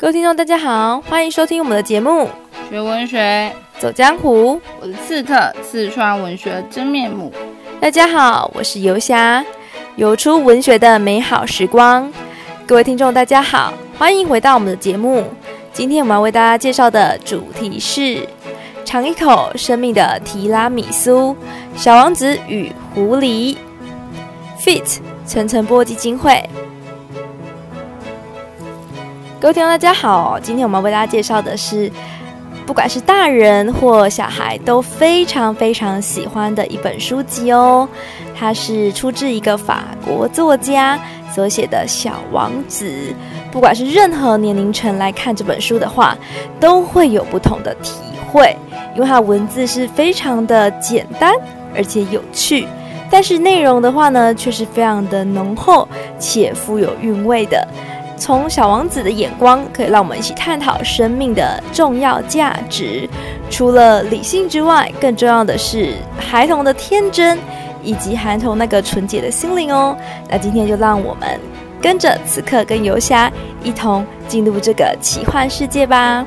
各位聽眾，大家好，歡迎收聽我們的節目《學文學走江湖》，我是刺客，刺穿文學的真面目。大家好，我是遊俠，游出文學的美好時光。各位聽眾，大家好，歡迎回到我們的節目。今天我們要為大家介紹的主題是《嚐一口生命的提拉米蘇》——《小王子與狐狸》。feat. 陳澄波基金會。各位聽眾，大家好！今天我們要為大家介紹的是，不管是大人或小孩都非常非常喜歡的一本書籍哦。它是出自一個法國作家所寫的小王子。不管是任何年齡層來看這本書的話，都會有不同的體會，因為它的文字是非常的簡單而且有趣。但是內容的話呢，卻是非常的濃厚且富有韻味的。從小王子的眼光，可以讓我們一起探討生命的重要價值。除了理性之外，更重要的是孩童的天真，以及孩童那個純潔的心靈哦。那今天就讓我們跟着刺客跟遊俠一同進入這個奇幻世界吧。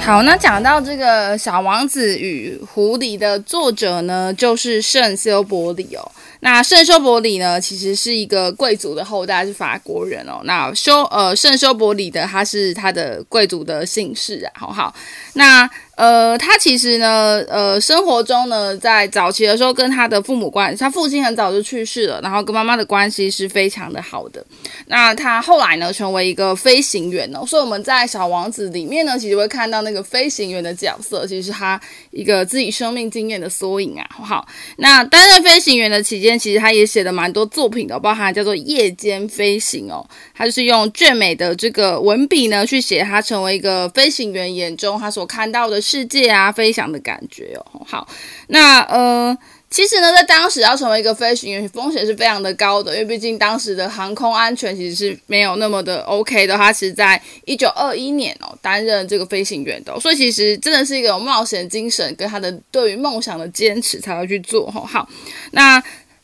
好，那講到這個《小王子》與狐狸的作者呢，就是聖修伯里哦。那聖修伯里呢，其實是一個貴族的後代，是法國人哦。那修呃，聖修伯里的他是他的貴族的姓氏，啊，好不好？那。呃，他其實呢，呃，生活中呢，在早期的時候跟他的父母關，他父親很早就去世了，然後跟媽媽的關係是非常的好的。那他後來呢，成為一個飛行員哦，所以我們在《小王子》裡面呢，其實會看到那個飛行員的角色，其實是他一個自己生命經驗的縮影啊，好不好？那擔任飛行員的期間，其實他也寫了蠻多作品的，包含他叫做《夜間飛行》哦，他就是用最美的這個文筆呢，去寫他成為一個飛行員眼中他所看到的。世界啊，飛翔的感覺哦，好，那呃，其實呢，在當時要成為一個飛行員，風險是非常的高的，因為畢竟當時的航空安全其實是沒有那麼的 OK 的。他是在一九二一年哦擔任這個飛行員的哦，所以其實真的是一個有冒險精神跟他的對於夢想的堅持才會去做哦，好，那。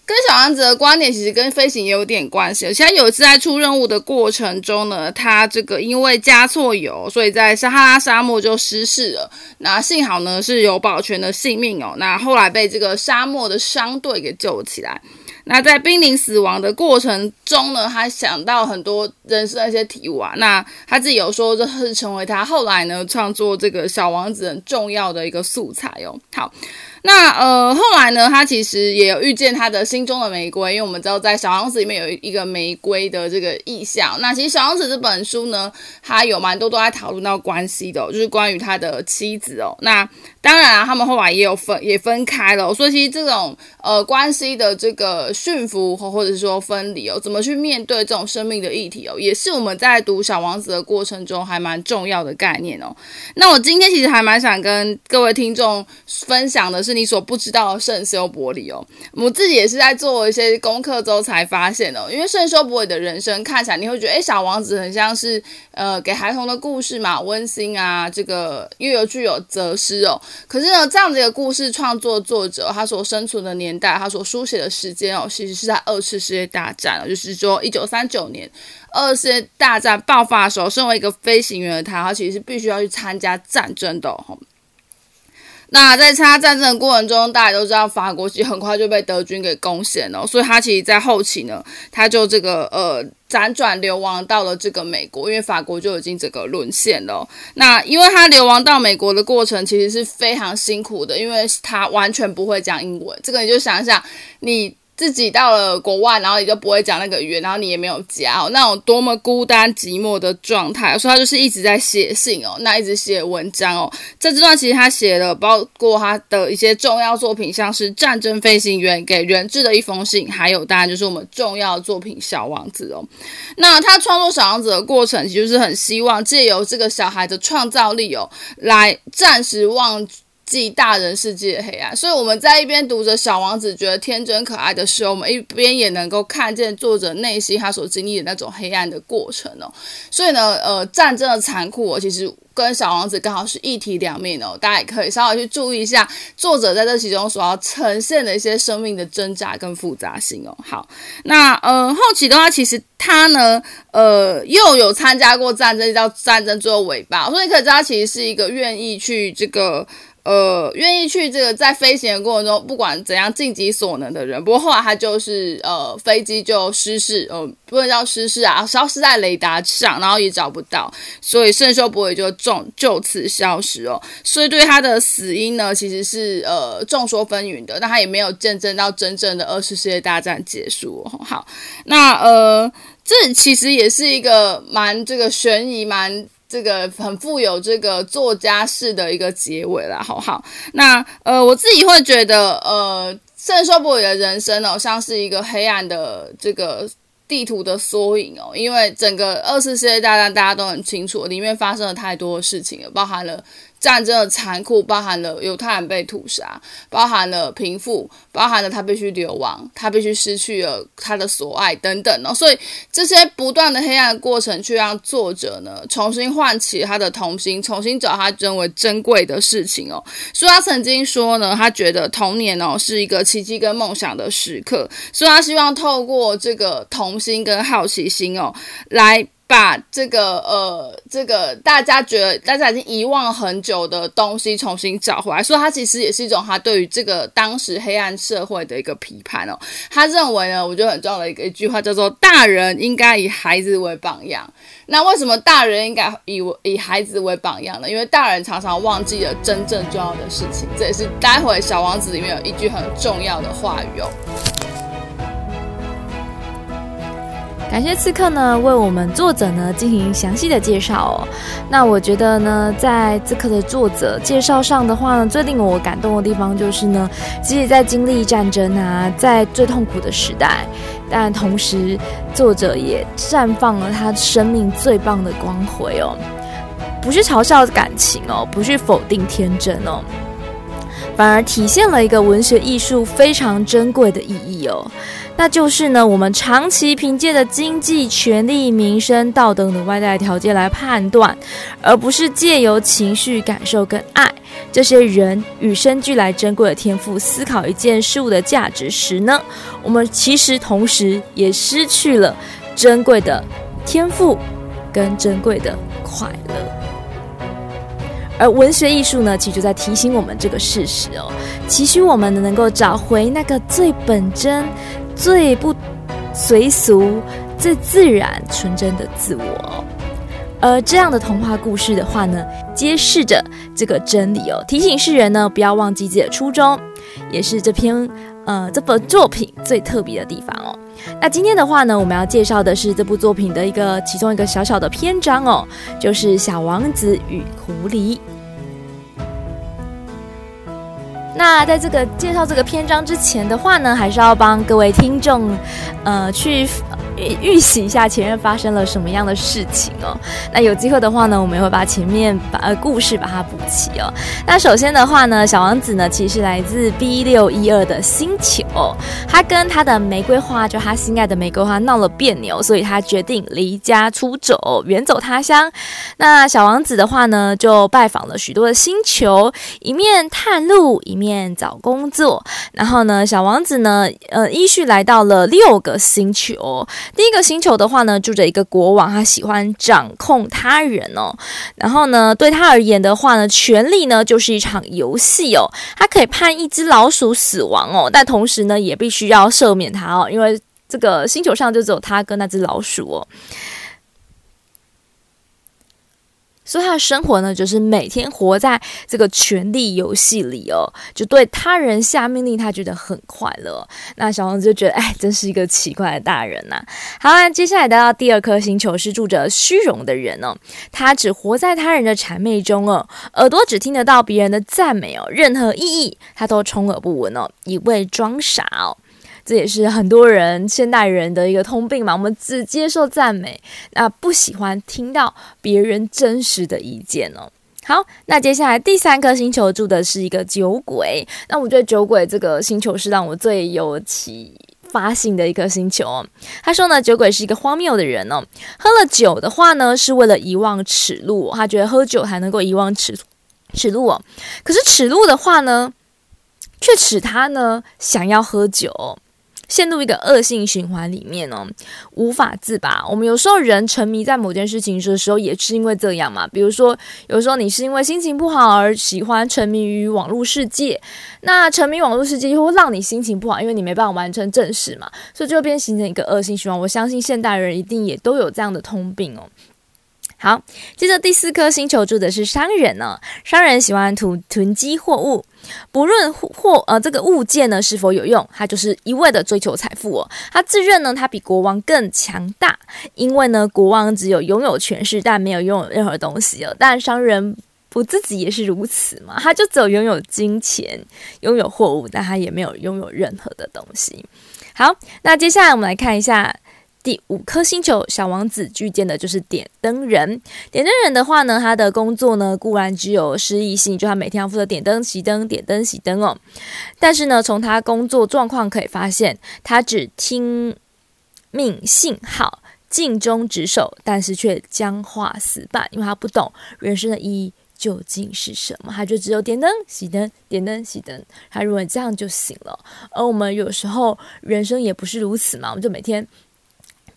跟小王子的觀點其實跟飛行也有點關係。像有一次在出任務的過程中呢，他這個因為加錯油，所以在撒哈拉沙漠就失事了。那幸好呢是有保全的性命哦。那後來被這個沙漠的商隊給救起來。那在瀕臨死亡的過程中呢，他想到很多人生的一些體悟啊。那他自己有說，這是成為他後來呢創作這個小王子很重要的一個素材哦。好。那呃，後來呢，他其實也有遇見他的心中的玫瑰，因為我們知道在小王子裡面有一個玫瑰的這個意象。那其實小王子這本書呢，他有蠻多都在討論到關係的、哦，就是關於他的妻子哦。那當然啊，他們後來也有分也分開了、哦。所以其實這種呃關係的這個馴服和或者是說分離哦，怎麼去面對這種生命的議題哦，也是我們在讀小王子的過程中還蠻重要的概念哦。那我今天其實還蠻想跟各位聽眾分享的是。就是你所不知道的聖修伯里哦，我自己也是在做一些功課之後才發現的哦。因為聖修伯里的人生看起來你會覺得，誒，小王子很像是呃給孩童的故事嘛，溫馨啊，這個又有具有哲思哦。可是呢，這樣子一個故事創作作者哦，他所生存的年代，他所書寫的時間哦，其實是在二次世界大戰哦。就是說一九三九年，二次世界大戰爆發的時候，身為一個飛行員的他，他其實是必須要去參加戰爭的哦。那在參加戰爭的過程中，大家都知道法國其實很快就被德軍給攻陷了，所以他其實，在後期呢，他就這個呃輾轉流亡到了這個美國，因為法國就已經這個淪陷了。那因為他流亡到美國的過程其實是非常辛苦的，因為他完全不會講英文，這個你就想一想你。自己到了國外，然後也就不會講那個語言，然後你也沒有家。那種多麼孤單寂寞的狀態，所以他就是一直在寫信哦，那一直寫文章哦，在這段其實他寫的包括他的一些重要作品，像是《戰爭飛行員》、給人質的一封信，還有當然就是我們重要作品《小王子》哦。那他創作《小王子》的過程，其實是很希望借由這個小孩的創造力哦，來暫時忘。即大人世界的黑暗，所以我們在一邊讀着小王子，覺得天真可愛的時候，我們一邊也能夠看見作者內心他所經歷的那種黑暗的過程哦。所以呢，呃，戰爭的殘酷哦，我其實跟小王子剛好是一體兩面哦。大家也可以稍微去注意一下作者在這其中所要呈現的一些生命的掙扎跟複雜性哦。好，那呃，後期的話，其實他呢，呃，又有參加過戰爭，叫戰爭最後尾巴，所以你可以知道，他其實是一個願意去這個。呃，願意去這個在飛行的過程中，不管怎樣盡己所能的人。不過後來他就是呃飛機就失事，呃，不能叫失事啊，消失在雷達上，然後也找不到，所以聖修伯也就就就此消失哦。所以對他的死因呢，其實是呃眾說紛紜的。但他也沒有見證到真正的二次世界大戰結束哦。好，那呃，這其實也是一個蠻這個懸疑蠻。這個很富有這個作家式的一個結尾啦，好不好？那呃，我自己會覺得，呃，聖修伯里的人生哦，像是一個黑暗的這個地圖的縮影哦，因為整個二次世界大戰，大家都很清楚，裡面發生了太多的事情了，包含了。戰爭的殘酷，包含了猶太人被屠殺，包含了貧富，包含了他必須流亡，他必須失去了他的所愛等等哦。所以這些不斷的黑暗的過程，卻讓作者呢重新喚起他的童心，重新找他認為珍貴的事情哦。所以，他曾經說呢，他覺得童年哦是一個奇蹟跟夢想的時刻，所以他希望透過這個童心跟好奇心哦來。把這個呃，這個大家覺得大家已經遺忘很久的東西重新找回來，說他其實也是一種他對於這個當時黑暗社會的一個批判哦。他認為呢，我覺得很重要的一個一句話叫做“大人應該以孩子為榜樣”。那為什麼大人應該以以孩子為榜樣呢？因為大人常常忘記了真正重要的事情，這也是待會小王子裡面有一句很重要的話語哦。感謝刺客呢為我們作者呢進行詳細的介紹哦。那我覺得呢，在刺客的作者介紹上的話呢，最令我感動的地方就是呢，即使在經歷戰爭啊，在最痛苦的時代，但同時作者也綻放了他生命最棒的光輝哦。不是嘲笑感情哦，不是否定天真哦，反而體現了一個文學藝術非常珍貴的意義哦。那就是呢，我們長期憑借着經濟、權力、民生、道德等外在條件來判斷，而不是借由情緒、感受跟愛，這些人與生俱來珍貴的天賦，思考一件事物的價值時呢，我們其實同時也失去了珍貴的天賦跟珍貴的快樂。而文學藝術呢，其實就在提醒我們這個事實哦，期許我們能夠找回那個最本真。最不隨俗、最自然、純真的自我哦，而，呃，這樣的童話故事的話呢，揭示着這個真理哦，提醒世人呢不要忘記自己的初衷，也是這篇呃這部作品最特別的地方哦。那今天的話呢，我們要介紹的是這部作品的一個其中一個小小的篇章哦，就是《小王子與狐狸》。那在這個介紹這個篇章之前的話呢，還是要幫各位聽眾，呃，去預習一下前面發生了什麼樣的事情哦。那有機會的話呢，我們也會把前面把呃故事把它補齊哦。那首先的話呢，小王子呢其實來自 B 六一二的星球，他跟他的玫瑰花，就他心愛的玫瑰花鬧了別扭，所以他決定離家出走，遠走他鄉。那小王子的話呢，就拜訪了許多的星球，一面探路，一面找工作。然後呢，小王子呢，呃，依序來到了六個星球。第一個星球的話呢，住着一個國王，他喜歡掌控他人哦。然後呢，對他而言的話呢，權力呢，就是一場遊戲哦。他可以判一隻老鼠死亡哦，但同時呢，也必須要赦免他哦，因為這個星球上就只有他跟那隻老鼠哦。所以他的生活呢，就是每天活在這個權力遊戲裡哦，就對他人下命令，他覺得很快樂、哦。那小王子就覺得，哎，真是一個奇怪的大人吶、啊。好啦，接下來來到第二顆星球是住着虛榮的人哦，他只活在他人的諂媚中哦，耳朵只聽得到別人的讚美哦，任何異議他都充耳不聞哦，一味裝傻哦。這也是很多人現代人的一個通病嘛，我們只接受讚美，那、呃、不喜歡聽到別人真實的意見哦。好，那接下來第三顆星球住的是一個酒鬼，那我覺得酒鬼這個星球是讓我最有啟發性的一顆星球哦。他說呢，酒鬼是一個荒謬的人哦，喝了酒的話呢，是為了遺忘恥辱，他、哦、覺得喝酒還能夠遺忘恥恥辱哦。可是恥辱的話呢，卻使他呢想要喝酒。陷入一個惡性循環裡面哦，無法自拔。我們有時候人沉迷在某件事情的時候，也是因為這樣嘛。比如說，有時候你是因為心情不好而喜歡沉迷於網絡世界，那沉迷網絡世界又會讓你心情不好，因為你沒辦法完成正事嘛，所以就變形成一個惡性循環。我相信現代人一定也都有這樣的通病哦。好，接着第四顆星球住的是商人呢、哦。商人喜歡囤囤積貨物，不論貨、貨呃這個物件呢是否有用，他就是一味的追求財富哦。他自認呢他比國王更強大，因為呢國王只有擁有權勢，但沒有擁有任何東西哦。但商人不自己也是如此嘛，他就只有擁有金錢、擁有貨物，但他也沒有擁有任何的東西。好，那接下來我們來看一下。第五顆星球，小王子遇見的就是點燈人。點燈人的話呢，他的工作呢固然只有詩意性，就他每天要負責點燈、熄燈、點燈、熄燈哦。但是呢，從他工作狀況可以發現，他只聽命信號，盡忠職守，但是卻僵化死板，因為他不懂人生的意義究竟是什麼。他就只有點燈、熄燈、點燈、熄燈，他認為這樣就行了。而我們有時候人生也不是如此嘛，我們就每天。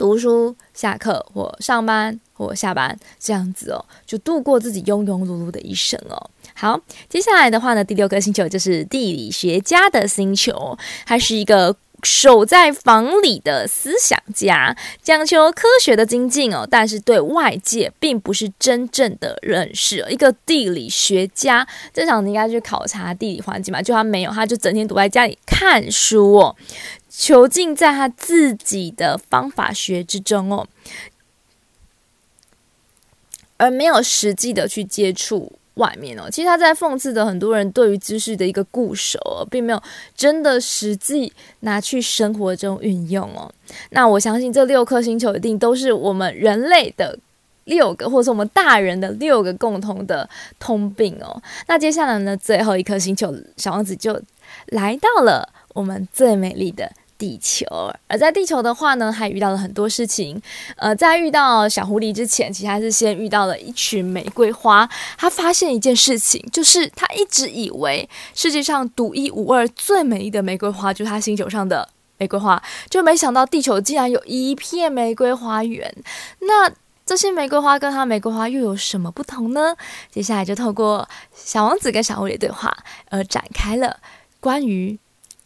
讀書、下課或上班或下班，這樣子哦，就度過自己庸庸碌碌的一生哦。好，接下來的話呢，第六顆星球就是地理學家的星球，他是一個守在房裡的思想家，講求科學的精進哦，但是對外界並不是真正的認識哦。一個地理學家，正常你應該去考察地理環境嘛，就他沒有，他就整天躲在家裡看書哦。囚禁在他自己的方法學之中哦，而沒有實際的去接觸外面哦。其實他在諷刺的很多人對於知識的一個固守哦，並沒有真的實際拿去生活中運用哦。那我相信這六顆星球一定都是我們人類的六個，或者是我們大人的六個共同的通病哦。那接下來呢，最後一顆星球，小王子就來到了我們最美麗的。地球，而在地球的話呢，還遇到了很多事情。呃，在遇到小狐狸之前，其實他是先遇到了一群玫瑰花。他發現一件事情，就是他一直以為世界上獨一無二、最美麗的玫瑰花就是他星球上的玫瑰花，就沒想到地球竟然有一片玫瑰花園。那這些玫瑰花跟他玫瑰花又有什麼不同呢？接下來就透過小王子跟小狐狸對話而展開了關於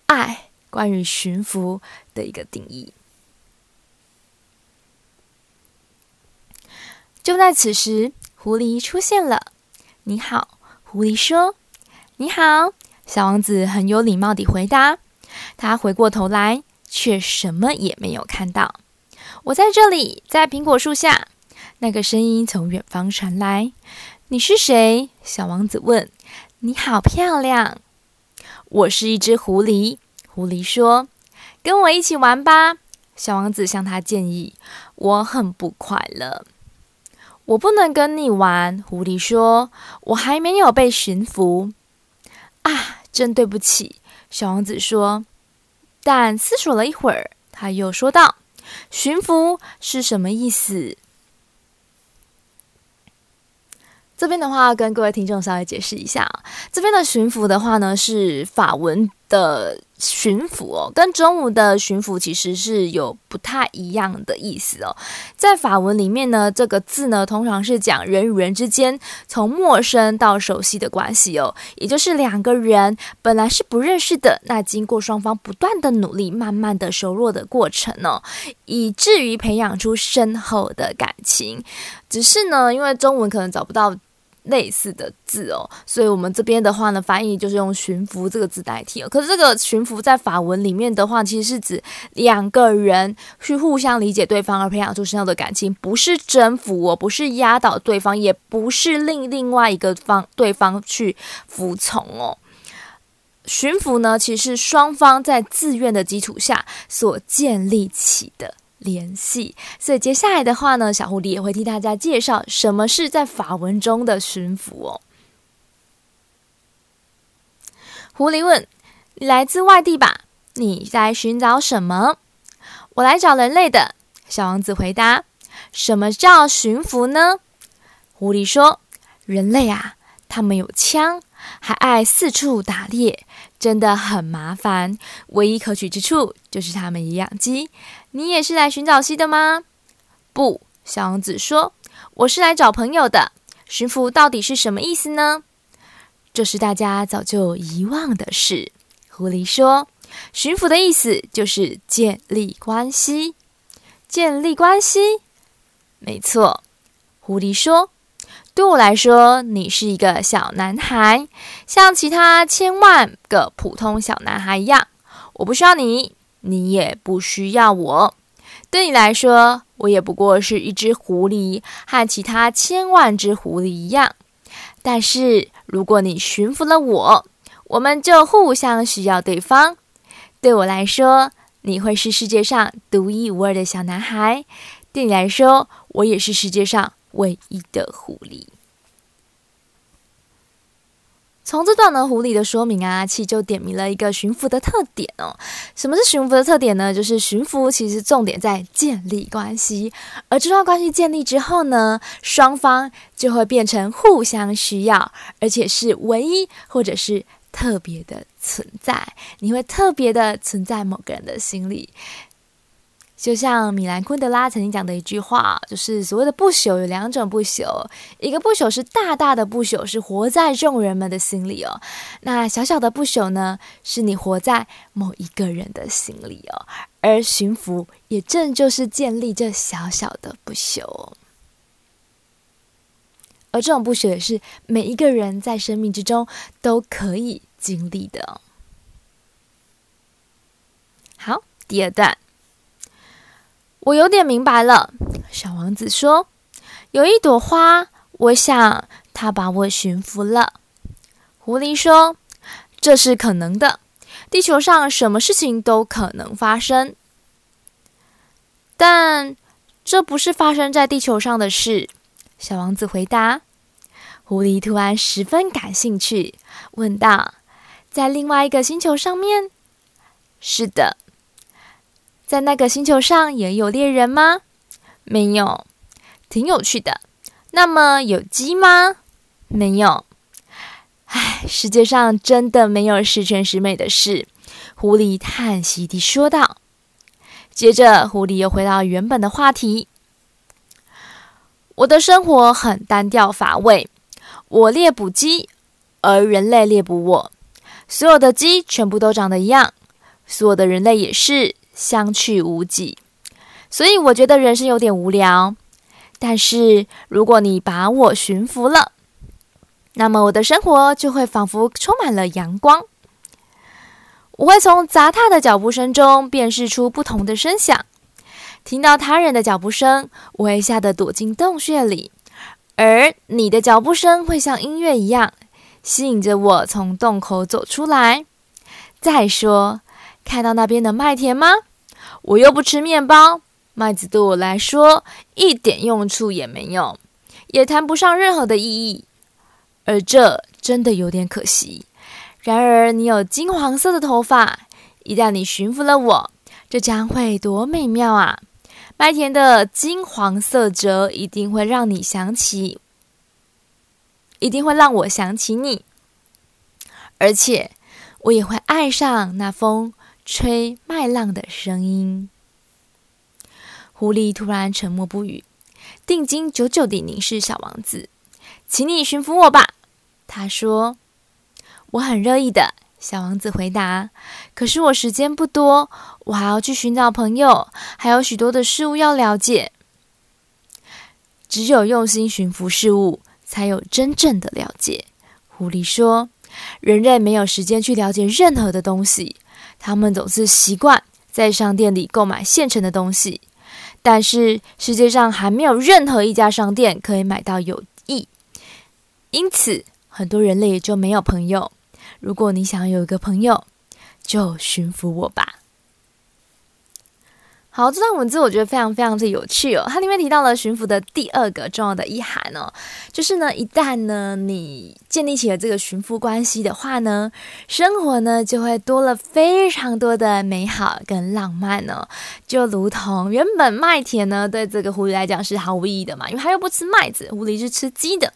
愛。關於馴服的一個定義。就在此時，狐狸出現了。你好，狐狸說。你好，小王子很有禮貌地回答。他回過頭來，卻什麽也沒有看到。我在這裡，在蘋果樹下。那個聲音從遠方傳來。你是誰？小王子問。你好漂亮。我是一隻狐狸。狐狸說：“跟我一起玩吧。”小王子向他建議：“我很不快樂，我不能跟你玩。”狐狸說：“我還沒有被馴服。”啊，真對不起，小王子說。但思索了一會兒，他又說道：“馴服是什麼意思？”這邊的話，跟各位聽眾稍微解釋一下。這邊的“馴服”的話呢，是法文。的馴服哦，跟中文的馴服其實是有不太一樣的意思哦。在法文裡面呢，這個字呢，通常是講人與人之間從陌生到熟悉的關係哦，也就是兩個人本來是不認識的，那經過雙方不斷的努力，慢慢的熟絡的過程哦，以至於培養出深厚的感情。只是呢，因為中文可能找不到。類似的字哦，所以我們這邊的話呢，翻譯就是用“馴服”這個字代替哦。可是這個“馴服”在法文裡面的話，其實是指兩個人去互相理解對方，而培養出深厚的感情，不是征服哦，不是壓倒對方，也不是另另外一個方對方去服從哦。馴服呢，其實是雙方在自願的基礎下所建立起的聯繫，所以接下來的話呢，小狐狸也會替大家介紹什麼是在法文中的馴服哦。狐狸問：“你來自外地吧？你在尋找什麼？”我來找人類的。小王子回答：“什麼叫馴服呢？”狐狸說：“人類啊，他們有槍。”還愛四處打獵，真的很麻煩。唯一可取之處就是他們也養雞。你也是來尋找雞的嗎？不，小王子說：“我是來找朋友的。”“馴服到底是什麼意思呢？”這是大家早就遺忘的事。狐狸說：“馴服的意思就是建立關係。”“建立關係？”沒錯，狐狸說。對我來說，你是一個小男孩，像其他千萬個普通小男孩一樣，我不需要你，你也不需要我。對你來說，我也不過是一隻狐狸，和其他千萬隻狐狸一樣。但是，如果你馴服了我，我們就互相需要對方。對我來說，你會是世界上獨一無二的小男孩；對你來說，我也是世界上唯一的狐狸。從這段呢，狐狸的說明啊，其實就點明了一個馴服的特點哦。什麼是馴服的特點呢？就是馴服其實重點在建立關係，而這段關係建立之後呢，雙方就會變成互相需要，而且是唯一或者是特別的存在。你會特別的存在某個人的心裡。就像米蘭昆德拉曾經講的一句話，就是所謂的不朽有兩種不朽，一個不朽是大大的不朽，是活在眾人們的心裡哦；那小小的不朽呢，是你活在某一個人的心裡哦。而馴服也正就是建立這小小的不朽，而這種不朽也是每一個人在生命之中都可以經歷的。好，第二段。我有點明白了，小王子說：“有一朵花，我想它把我馴服了。”狐狸說：“這是可能的，地球上什麼事情都可能發生。”但這不是發生在地球上的事，小王子回答。狐狸突然十分感興趣，問道：“在另外一個星球上面？”“是的。”在那個星球上也有獵人嗎？沒有，挺有趣的。那麼有雞嗎？沒有。唉，世界上真的沒有十全十美的事。狐狸嘆息地說道。接着，狐狸又回到原本的話題：“我的生活很單調乏味。我獵捕雞，而人類獵捕我。所有的雞全部都長得一樣，所有的人類也是。”相去無幾，所以我覺得人生有點無聊。但是如果你把我馴服了，那麼我的生活就會仿佛充滿了陽光。我會從雜沓的腳步聲中辨識出不同的聲響，聽到他人的腳步聲，我會嚇得躲進洞穴裡，而你的腳步聲會像音樂一樣，吸引着我從洞口走出來。再說。看到那邊的麥田嗎？我又不吃麵包，麥子對我來說一點用處也沒有，也談不上任何的意義。而這真的有點可惜。然而，你有金黃色的頭髮，一旦你馴服了我，這將會多美妙啊！麥田的金黃色澤一定會讓你想起，一定會讓我想起你，而且我也會愛上那風。吹麥浪的聲音。狐狸突然沉默不語，定睛久久地凝視小王子。“請你馴服我吧。”他說。“我很樂意的。”小王子回答。“可是我時間不多，我還要去尋找朋友，還有許多的事物要了解。只有用心馴服事物，才有真正的了解。”狐狸說。“人類沒有時間去了解任何的東西。”他們總是習慣在商店裡購買現成的東西，但是世界上還沒有任何一家商店可以買到友誼，因此很多人類也就沒有朋友。如果你想有一個朋友，就馴服我吧。好，這段文字我覺得非常非常之有趣哦。它裡面提到了馴服的第二個重要的意涵哦，就是呢，一旦呢你建立起了這個馴服關係的話呢，生活呢就會多了非常多的美好跟浪漫哦。就如同原本麥田呢對這個狐狸來講是毫無意義的嘛，因為它又不吃麥子，狐狸是吃雞的。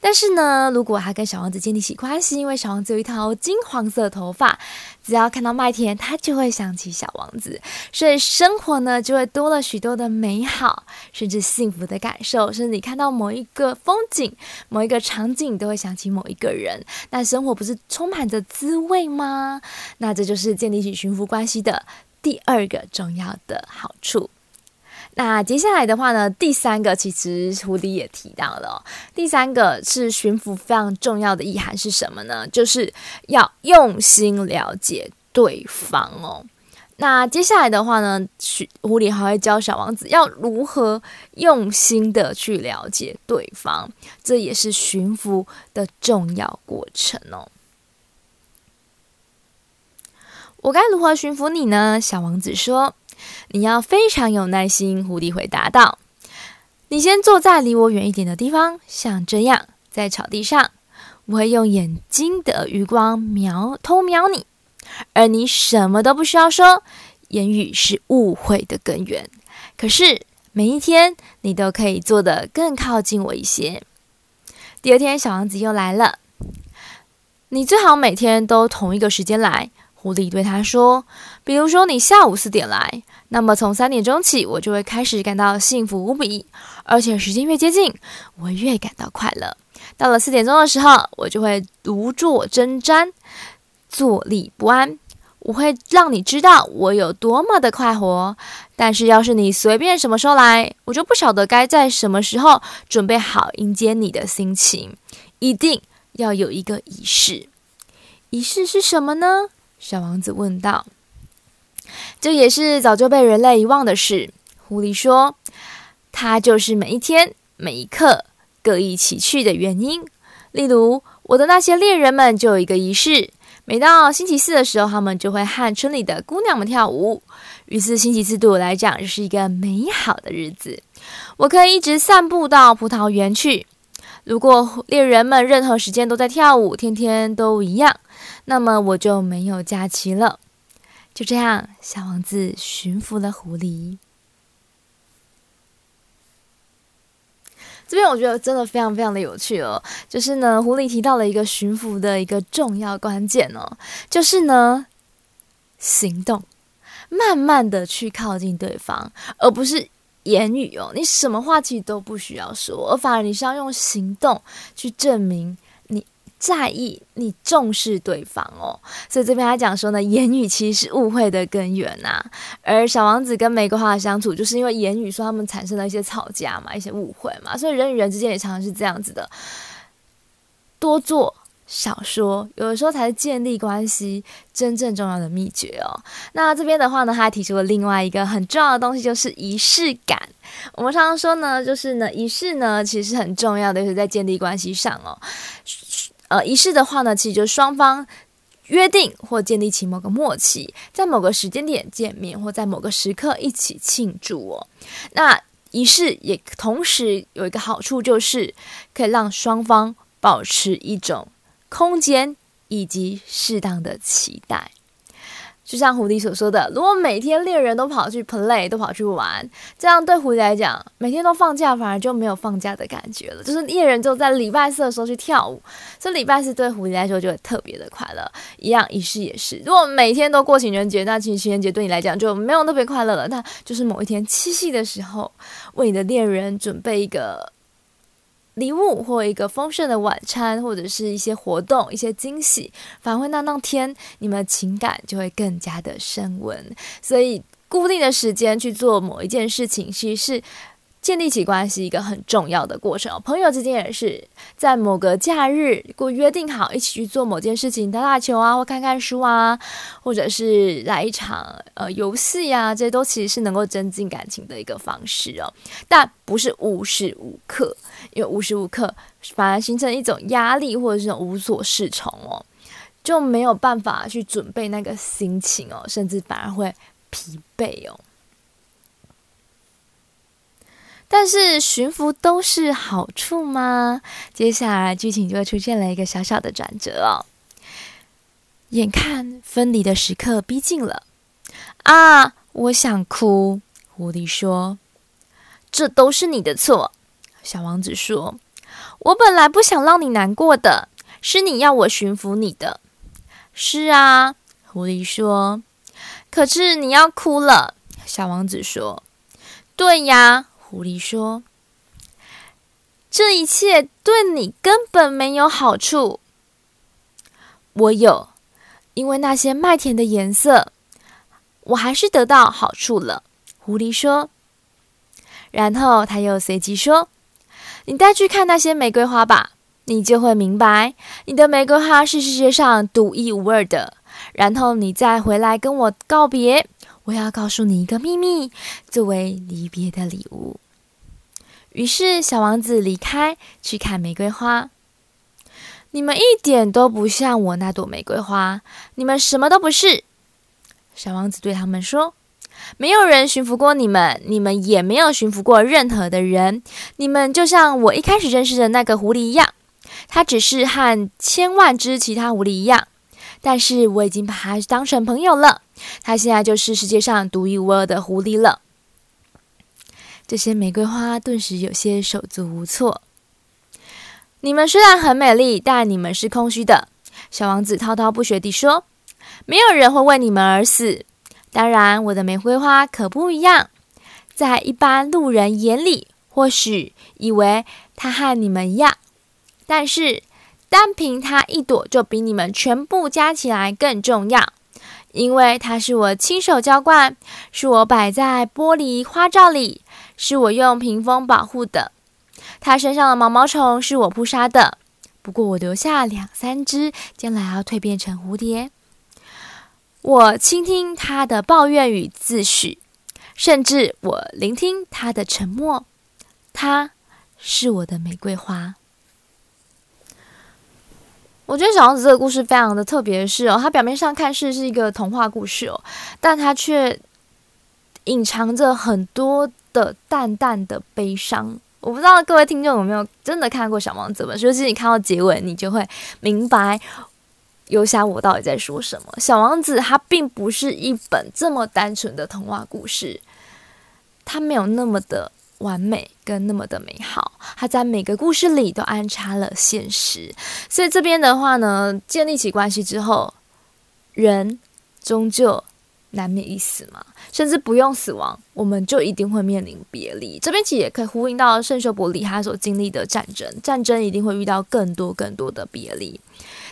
但是呢，如果他跟小王子建立起關係，因為小王子有一頭金黃色頭髮，只要看到麥田，他就會想起小王子，所以生活呢就會多了許多的美好，甚至幸福的感受，甚至你看到某一個風景、某一個場景，都會想起某一個人，那生活不是充滿着滋味嗎？那這就是建立起馴服關係的第二個重要的好處。那接下來的話呢？第三個，其實狐狸也提到了哦，第三個是馴服非常重要的意涵是什麼呢？就是要用心了解對方哦。那接下來的話呢，狐狸還會教小王子要如何用心的去了解對方，這也是馴服的重要過程哦。我該如何馴服你呢？小王子說。你要非常有耐心，狐狸回答道：“你先坐在離我遠一點的地方，像這樣，在草地上，我會用眼睛的餘光瞄，偷瞄你，而你什麼都不需要說，言語是誤會的根源。可是每一天，你都可以坐得更靠近我一些。”第二天，小王子又來了，你最好每天都同一個時間來。狐狸對他說：“比如說，你下午四點來，那麼從三點鐘起，我就會開始感到幸福無比，而且時間越接近，我越感到快樂。到了四點鐘的時候，我就會獨坐針氈，坐立不安。我會讓你知道我有多麼的快活。但是，要是你隨便什麼時候來，我就不曉得該在什麼時候準備好迎接你的心情。一定要有一個儀式。儀式是什麼呢？”小王子問道：“這也是早就被人類遺忘的事。”狐狸說：“它就是每一天每一刻各異其趣的原因。例如，我的那些獵人們就有一個儀式，每到星期四的時候，他們就會和村裡的姑娘們跳舞。於是星期四對我來講就是一個美好的日子。我可以一直散步到葡萄園去。如果獵人們任何時間都在跳舞，天天都一樣。”那麼我就沒有假期了。就這樣，小王子馴服了狐狸。這邊我覺得真的非常非常的有趣哦，就是呢，狐狸提到了一個馴服的一個重要關鍵哦，就是呢，行動，慢慢的去靠近對方，而不是言語哦，你什麼話其實都不需要說，而反而你是要用行動去證明。在意你重視對方哦，所以這邊他講說呢，言語其實是誤會的根源啊。而小王子跟玫瑰花的相處，就是因為言語說他們產生了一些吵架嘛，一些誤會嘛。所以人與人之間也常常是這樣子的，多做少說，有的時候才是建立關係真正重要的秘訣哦。那這邊的話呢，他還提出了另外一個很重要的東西，就是儀式感。我們常常說呢，就是呢，儀式呢其實很重要的，就是在建立關係上哦。呃，儀式的話呢，其實就是雙方約定或建立起某個默契，在某個時間點見面，或在某個時刻一起慶祝哦。那儀式也同時有一個好處，就是可以讓雙方保持一種空間以及適當的期待。就像狐狸所說的，如果每天獵人都跑去 play 都跑去玩，這樣對狐狸來講，每天都放假反而就沒有放假的感覺了。就是獵人就在禮拜四的時候去跳舞，這禮拜四對狐狸來說就會特別的快樂。一樣，儀式也是。如果每天都過情人節，那情人節對你來講就沒有特別快樂了。那就是某一天七夕的時候，為你的戀人準備一個。禮物或一個豐盛的晚餐，或者是一些活動、一些驚喜，返回到那天你們的情感就會更加的升溫。所以固定的時間去做某一件事情，其實是建立起關係一個很重要的過程哦。朋友之間也是在某個假日如果約定好一起去做某件事情，打打球啊，或看看書啊，或者是來一場呃遊戲啊，這些都其實是能夠增進感情的一個方式哦。但不是無時無刻。因為無時無刻反而形成一種壓力，或者是無所適從哦，就沒有辦法去準備那個心情哦，甚至反而會疲憊哦。但是馴服都是好處嗎？接下來劇情就會出現了一個小小的轉折哦。眼看分離的時刻逼近了啊，我想哭。狐狸說：“這都是你的錯。”小王子說：“我本來不想讓你難過的，是你要我馴服你的。”“是啊。”狐狸說。“可是你要哭了。”小王子說。“對呀。”狐狸說。“這一切對你根本沒有好處。”“我有，因為那些麥田的顏色，我還是得到好處了。”狐狸說。然後他又隨即說，你再去看那些玫瑰花吧，你就會明白，你的玫瑰花是世界上獨一無二的。然後你再回來跟我告別，我要告訴你一個秘密，作為離別的禮物。於是，小王子離開去看玫瑰花。你們一點都不像我那朵玫瑰花，你們什麼都不是。小王子對他們說。沒有人馴服過你們，你們也沒有馴服過任何的人。你們就像我一開始認識的那個狐狸一樣，它只是和千萬隻其他狐狸一樣。但是我已經把它當成朋友了，它現在就是世界上獨一無二的狐狸了。這些玫瑰花頓時有些手足無措。你們雖然很美麗，但你們是空虛的。小王子滔滔不絕地說：“沒有人會為你們而死。”當然，我的玫瑰花可不一樣。在一般路人眼裡，或許以為它和你們一樣，但是單憑它一朵就比你們全部加起來更重要，因為它是我親手澆灌，是我擺在玻璃花罩裡，是我用屏風保護的。它身上的毛毛蟲是我撲殺的，不過我留下兩三隻，將來要蛻變成蝴蝶。我傾聽他的抱怨與自詡，甚至我聆聽他的沉默。他，是我的玫瑰花。我覺得《小王子》這個故事非常的特別，是哦，它表面上看似是一個童話故事哦，但它卻隱藏着很多的淡淡的悲傷。我不知道各位聽眾有沒有真的看過《小王子》嗎？尤其是你看到結尾，你就會明白。遊俠，下我到底在說什麼？小王子他並不是一本這麼單純的童話故事，他沒有那麼的完美跟那麼的美好。他在每個故事裡都安插了現實，所以這邊的話呢，建立起關係之後，人終究難免一死嘛，甚至不用死亡，我們就一定會面臨別離。這邊其實也可以呼應到聖修伯里他所經歷的戰爭，戰爭一定會遇到更多更多的別離。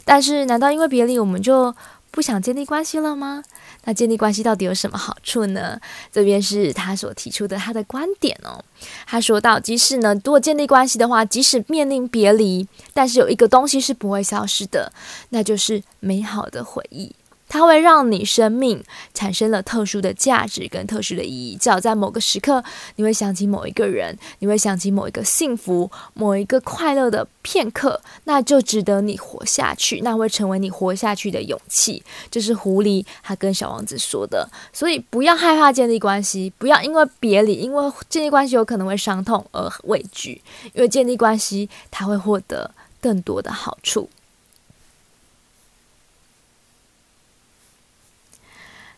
但是，難道因為別離，我們就不想建立關係了嗎？那建立關係到底有什麼好處呢？這邊是他所提出的他的觀點哦。他說到，即使呢，如果建立關係的話，即使面臨別離，但是有一個東西是不會消失的，那就是美好的回憶。它會讓你生命產生了特殊的價值跟特殊的意義。只要在某個時刻，你會想起某一個人，你會想起某一個幸福、某一個快樂的片刻，那就值得你活下去，那會成為你活下去的勇氣。這是狐狸，他跟小王子說的。所以不要害怕建立關係，不要因為別離，因為建立關係有可能會傷痛而畏懼，因為建立關係，它會獲得更多的好處。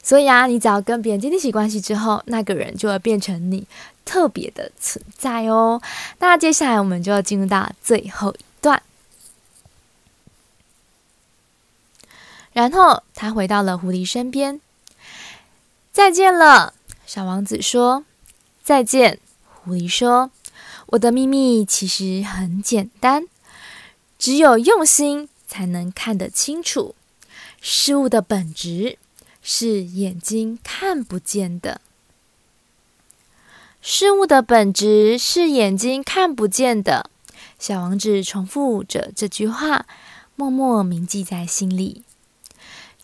所以啊，你只要跟別人建立起關係之後，那個人就會變成你特別的存在哦。那接下來我們就要進入到最後一段。然後他回到了狐狸身邊，再見了，小王子說：“再見。”狐狸說：“我的秘密其實很簡單，只有用心才能看得清楚事物的本質。”是眼睛看不見的事物的本質是眼睛看不見的。小王子重複着這句話，默默銘記在心裡。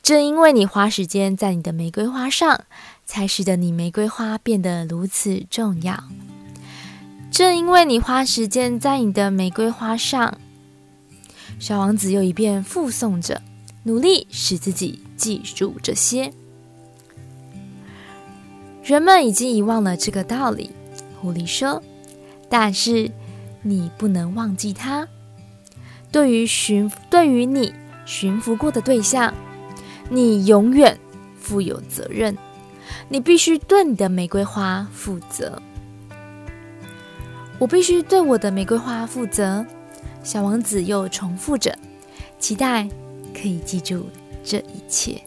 正因為你花時間在你的玫瑰花上，才使得你玫瑰花變得如此重要。正因為你花時間在你的玫瑰花上，小王子又一遍複誦著，努力使自己。記住這些，人們已經遺忘了這個道理。狐狸說：“但是你不能忘記它。對於馴對於你馴服過的對象，你永遠負有責任。你必須對你的玫瑰花負責。我必須對我的玫瑰花負責。”小王子又重複着，期待可以記住。這一切，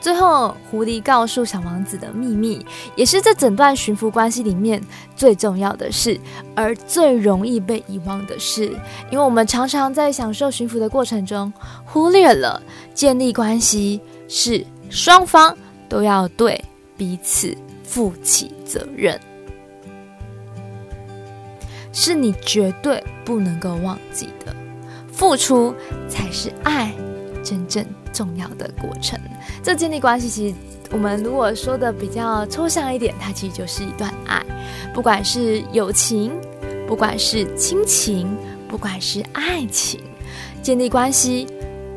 最後狐狸告訴小王子的秘密，也是在整段馴服關係裡面最重要的事，而最容易被遺忘的事，因為我們常常在享受馴服的過程中忽略了建立關係是雙方都要對彼此負起責任，是你絕對不能夠忘記的。付出才是愛真正重要的過程。這建立關係，其實我們如果說的比較抽象一點，它其實就是一段愛。不管是友情，不管是親情，不管是愛情，建立關係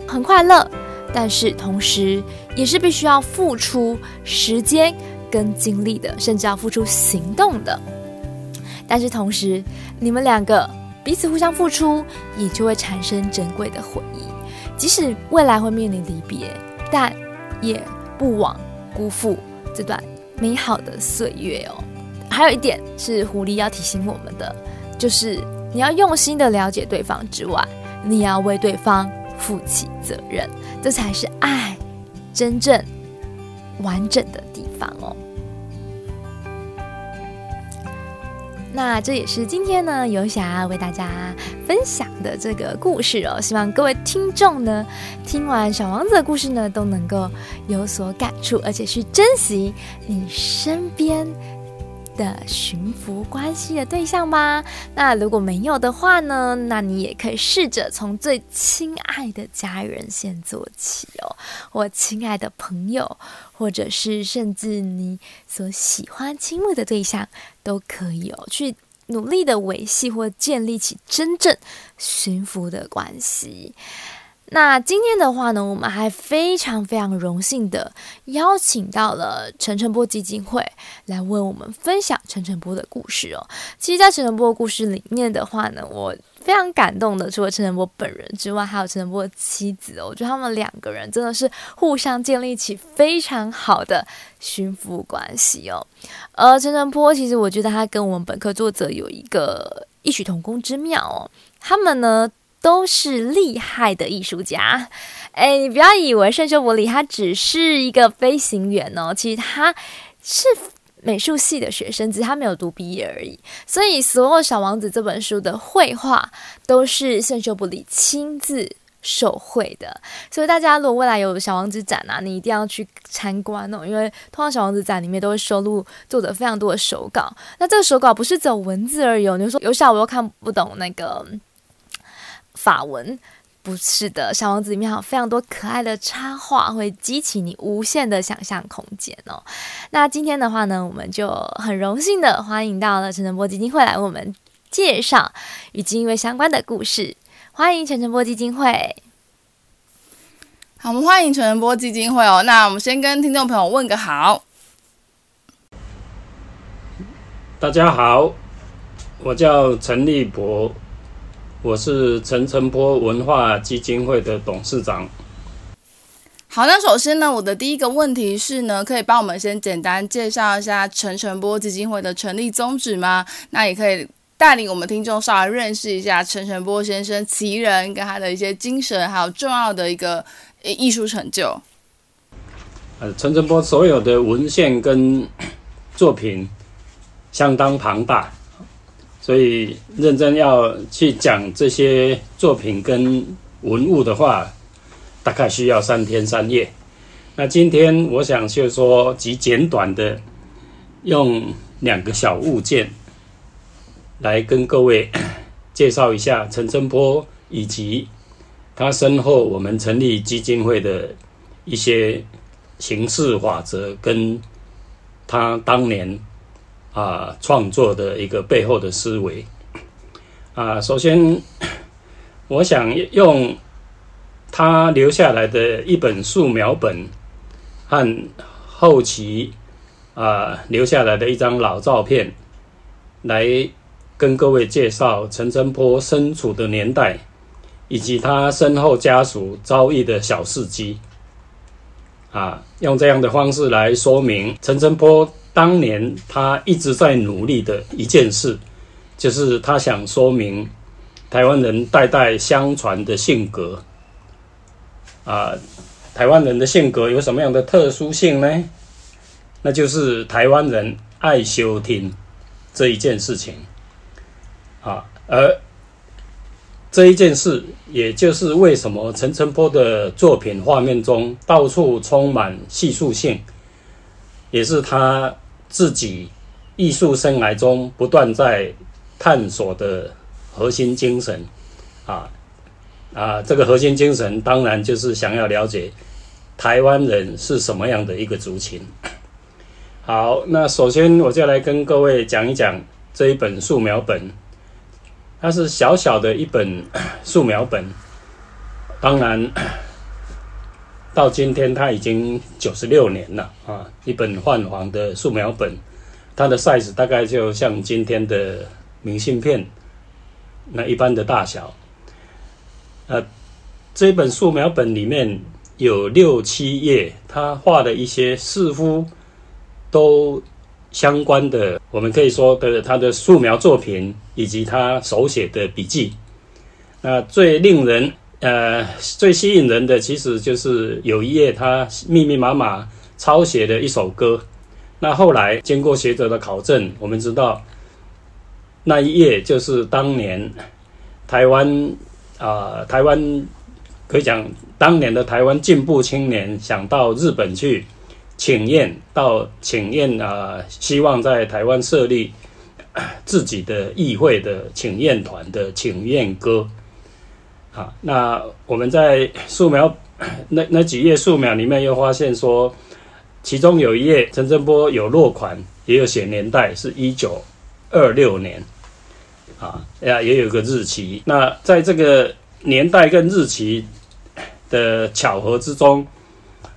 很快樂，但是同時也是必須要付出時間跟精力的，甚至要付出行動的。但是同時，你們兩個。彼此互相付出，也就會產生珍貴的回憶。即使未來會面臨離別，但也不枉辜負這段美好的歲月哦。還有一點是狐狸要提醒我們的，就是你要用心的了解對方之外，你也要為對方負起責任，這才是愛真正完整的地方哦。那這也是今天呢，遊俠為大家分享的這個故事哦，希望各位聽眾呢，聽完小王子的故事呢，都能夠有所感觸，而且去珍惜你身邊。的馴服關係的對象嗎？那如果沒有的話呢，那你也可以試着從最親愛的家人先做起哦。我親愛的朋友，或者是甚至你所喜歡傾慕的對象，都可以哦，去努力的維繫或建立起真正馴服的關係。那今天的話呢，我們還非常非常榮幸的邀請到了陳澄波基金會來為我們分享陳澄波的故事哦。其實，在陳澄波的故事裡面的話呢，我非常感動的，除了陳澄波本人之外，還有陳澄波的妻子哦。我覺得他們兩個人真的是互相建立起非常好的馴服關係哦。而陳澄波，其實我覺得他跟我們本課作者有一個異曲同工之妙哦。他們呢，都是厲害的藝術家，誒，你不要以為聖修伯里他只是一個飛行員哦，其實他是美術系的學生，只是他沒有讀畢業而已。所以所有《小王子》這本書的繪畫都是聖修伯里親自手繪的。所以大家如果未來有小王子展啊，你一定要去參觀哦，因為通常小王子展裡面都會收錄作者非常多的手稿。那這個手稿不是只有文字而已，哦，你說有些我又看不懂那個。法文不是的，《小王子》裡面有非常多可愛的插畫，會激起你無限的想象空間哦。那今天的話呢，我們就很榮幸的歡迎到了陳澄波基金會來為我們介紹與金魚相關的故事。歡迎陳澄波基金會。好，我們歡迎陳澄波基金會哦。那我們先跟聽眾朋友問個好。嗯、大家好，我叫陳立博。我是陳澄波文化基金會的董事長。好，那首先呢，我的第一個問題是呢，可以幫我們先簡單介紹一下陳澄波基金會的成立宗旨嗎？那也可以帶領我們聽眾稍微認識一下陳澄波先生、其人跟他的一些精神，還有重要的一個藝術成就？呃，陳澄波所有的文獻跟作品相當龐大。所以認真要去講這些作品跟文物的話，大概需要三天三夜。那今天我想就是說極簡短的，用兩個小物件來跟各位介紹一下陳澄波以及他身後我們成立基金會的一些行事法則，跟他當年。啊，創作的一個背後的思維。啊，首先，我想用他留下來的一本素描本和後期啊留下來的一張老照片，來跟各位介紹陳澄波身處的年代，以及他身後家屬遭遇的小事蹟。啊，用這樣的方式來說明陳澄波。當年他一直在努力的一件事，就是他想說明台灣人，代代相傳的性格啊，臺灣人的性格有什麼樣的特殊性呢？那就是臺灣人愛修聽這一件事情啊，而這一件事，也就是為什麼陳澄波的作品畫面中到處充滿戲劇性，也是他。自己藝術生涯中不斷在探索的核心精神啊，啊啊，這個核心精神當然就是想要了解台灣人是什麼樣的一個族群。好，那首先我就來跟各位講一講這一本素描本，它是小小的一本素描本，當然。到今天，他已經九十六年了啊！一本泛黃的素描本，它的 size 大概就像今天的明信片那一般的大小。呃、啊，這本素描本裡面有六七頁，他畫的一些似乎都相關的，我們可以說的他的素描作品以及他手寫的筆記。那最令人。呃，最吸引人的其實就是有一頁，他密密麻麻抄寫的一首歌。那後來經過學者的考證，我們知道那一頁就是當年台灣啊，台灣、呃、台灣可以講當年的台灣進步青年想到日本去請願，到請願啊、呃，希望在台灣設立自己的議會的請願團的請願歌。啊，那我們在素描那那幾頁素描裡面又發現說，其中有一頁陳澄波有落款，也有寫年代是一九二六年，啊呀，也有個日期。那在這個年代跟日期的巧合之中，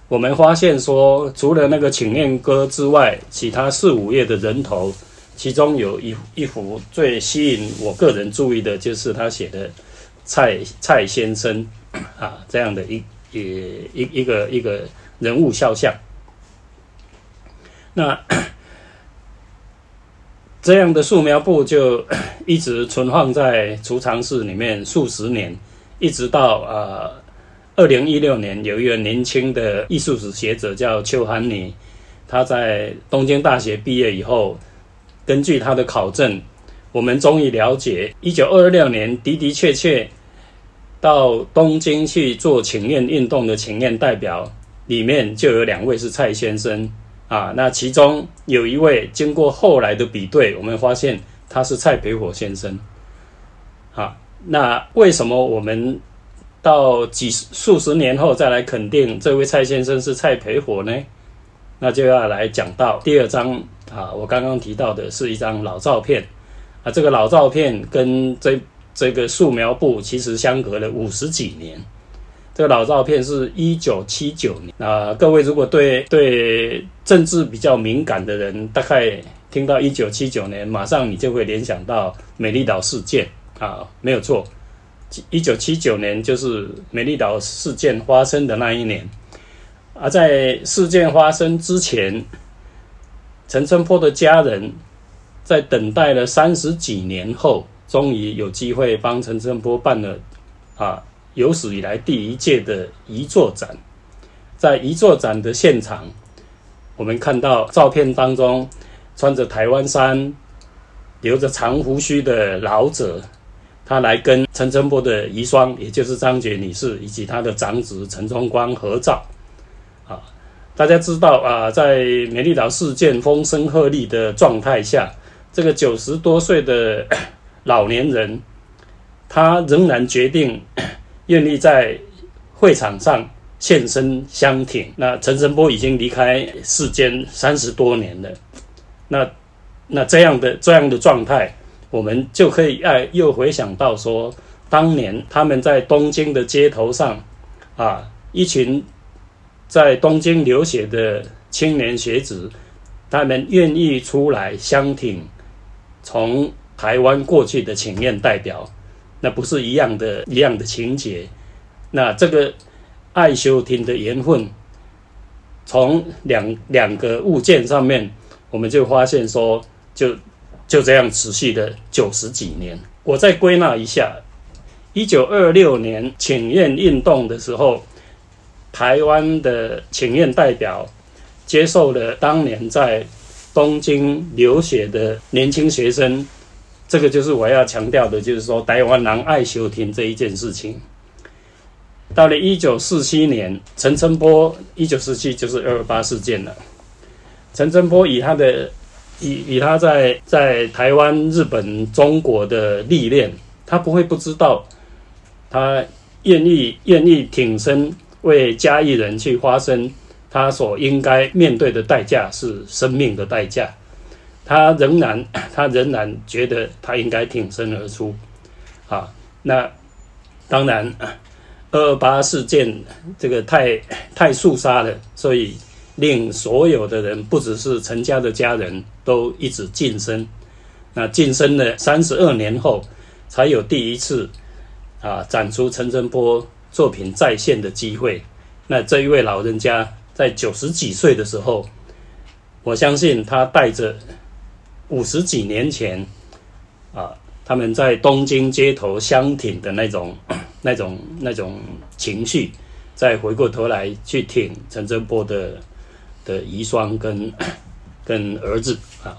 我們發現說，除了那個《請願歌》之外，其他四五頁的人頭，其中有一一幅最吸引我個人注意的，就是他寫的。蔡蔡先生啊，這樣的一一一一個一個人物肖像，那這樣的素描簿就一直存放在儲藏室裡面數十年，一直到啊二零一六年，有一位年輕的藝術史學者叫邱函妮，她在東京大學畢業以後，根據他的考證，我們終於了解一九二六年的的確確。到東京去做請願運動的請願代表裡面就有兩位是蔡先生啊，那其中有一位經過後來的比對，我們發現他是蔡培火先生。好，啊，那為什麼我們到幾十數十年後再來肯定這位蔡先生是蔡培火呢？那就要來講到第二張啊，我剛剛提到的是一張老照片啊，這個老照片跟這。這個素描簿其實相隔了五十幾年，這個老照片是一九七九年。啊，各位如果對對政治比較敏感的人，大概聽到一九七九年，馬上你就會聯想到美麗島事件啊，沒有錯，一九七九年就是美麗島事件發生的那一年。而、啊、在事件發生之前，陳澄波的家人在等待了三十幾年後。終於有機會幫陳澄波辦了啊有史以來第一屆的遺作展，在遺作展的現場，我們看到照片當中穿着台灣衫、留着長胡鬚的老者，他來跟陳澄波的遺孀，也就是張捷女士以及他的長子陳重光合照。啊，大家知道啊，在美麗島事件風聲鶴唳的狀態下，這個九十多歲的。老年人，他仍然決定願意在會場上現身相挺。那陳澄波已經離開世間三十多年了，那那這樣的這樣的狀態，我們就可以哎又回想到說，當年他們在東京的街頭上，啊，一群在東京留學的青年學子，他們願意出來相挺，從。台灣過去的請願代表，那不是一樣的，一樣的情節。那這個愛修亭的緣分，從兩兩個物件上面，我們就發現說，就就這樣持續了九十幾年。我再歸納一下：一九二六年請願運動的時候，台灣的請願代表接受了當年在東京留學的年輕學生。這個就是我要強調的，就是說台灣難愛休庭這一件事情。到了一九四七年，陳澄波一九四七就是二二八事件了。陳澄波以他的以以他在在台灣、日本、中國的歷練，他不會不知道，他願意願意挺身為嘉義人去發聲，他所應該面對的代價是生命的代價。他仍然，他仍然覺得他應該挺身而出，啊，那當然，二二八事件這個太太肅殺了，所以令所有的人，不只是陳家的家人都一直噤聲，那噤聲了三十二年後，才有第一次啊展出陳澄波作品再現的機會。那這一位老人家在九十幾歲的時候，我相信他帶着。五十幾年前，啊，他們在東京街頭相挺的那種、那種、那種情緒，再回過頭來去挺陳澄波的的遺孀跟跟兒子啊，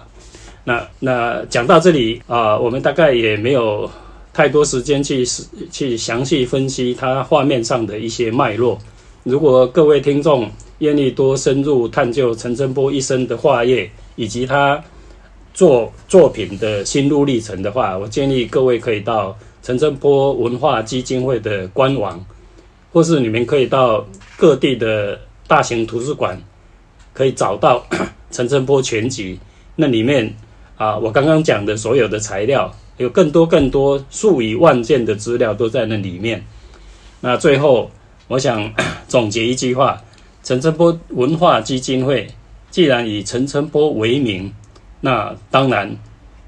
那那講到這裡啊，我們大概也沒有太多時間去去詳細分析他畫面上的一些脈絡。如果各位聽眾願意多深入探究陳澄波一生的畫業以及他。做作品的心路歷程的話，我建議各位可以到陳澄波文化基金會的官網，或是你們可以到各地的大型圖書館，可以找到陳澄波全集。那裡面啊，我剛剛講的所有的材料，有更多更多數以萬件的資料都在那裡面。那最後，我想總結一句話：陳澄波文化基金會既然以陳澄波為名。那當然，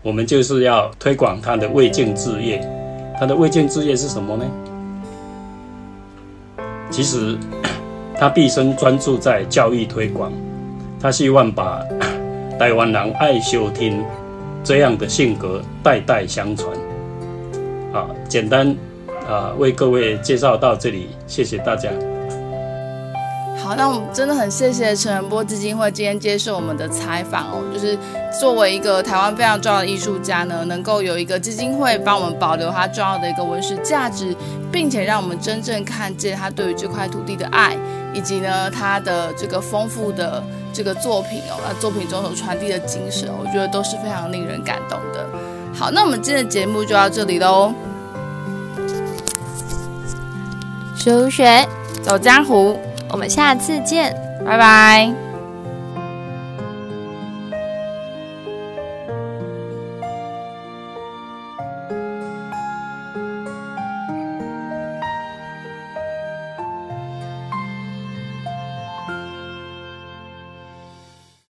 我們就是要推廣他的未竟志業。他的未竟志業是什麼呢？其實他畢生專注在教育推廣，他希望把台灣人愛修聽這樣的性格代代相傳。好、啊，簡單啊，為各位介紹到這裡，謝謝大家。好，那我們真的很謝謝陳澄波基金會今天接受我們的採訪哦。就是作為一個台灣非常重要的藝術家呢，能夠有一個基金會幫我們保留他重要的一個文史價值，並且讓我們真正看見他對於這塊土地的愛，以及呢他的這個豐富的這個作品哦，那作品中所傳遞的精神，哦，我覺得都是非常令人感動的。好，那我們今天的節目就到這裡嘍。修學走江湖。我們下次見，拜拜。